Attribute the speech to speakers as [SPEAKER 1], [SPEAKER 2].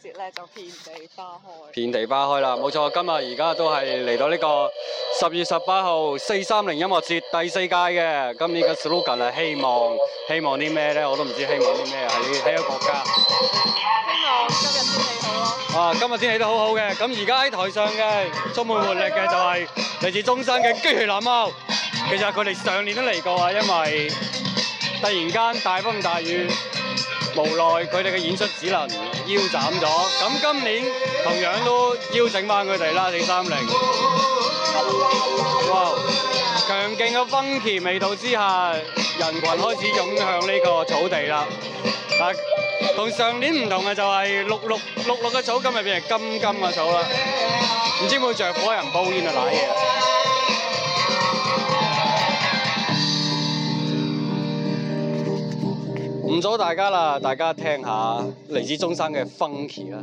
[SPEAKER 1] 節咧
[SPEAKER 2] 就遍地花開，遍地花開啦，冇錯。今日而家都係嚟到呢個十月十八號四三零音樂節第四屆嘅，今年嘅 slogan 係希望，希望啲咩咧？我都唔知希望啲咩，喺喺個國家。希望今日天氣
[SPEAKER 1] 好咯，
[SPEAKER 2] 啊。啊，今日天氣得好好嘅。咁而家喺台上嘅充滿活力嘅就係嚟自中山嘅機器懶貓。其實佢哋上年都嚟過啊，因為突然間大風大雨。無奈佢哋嘅演出只能腰斬咗，咁今年同樣都邀請翻佢哋啦，四三零。哇，強勁嘅 funky 味道之下，人羣開始湧向呢個草地啦。嗱，同上年唔同嘅就係綠綠綠綠嘅草，今日變成金金嘅草啦。唔知會唔會着火人煲煙定瀨嘢？唔阻大家啦，大家聽下嚟自中山嘅 Funky 啦。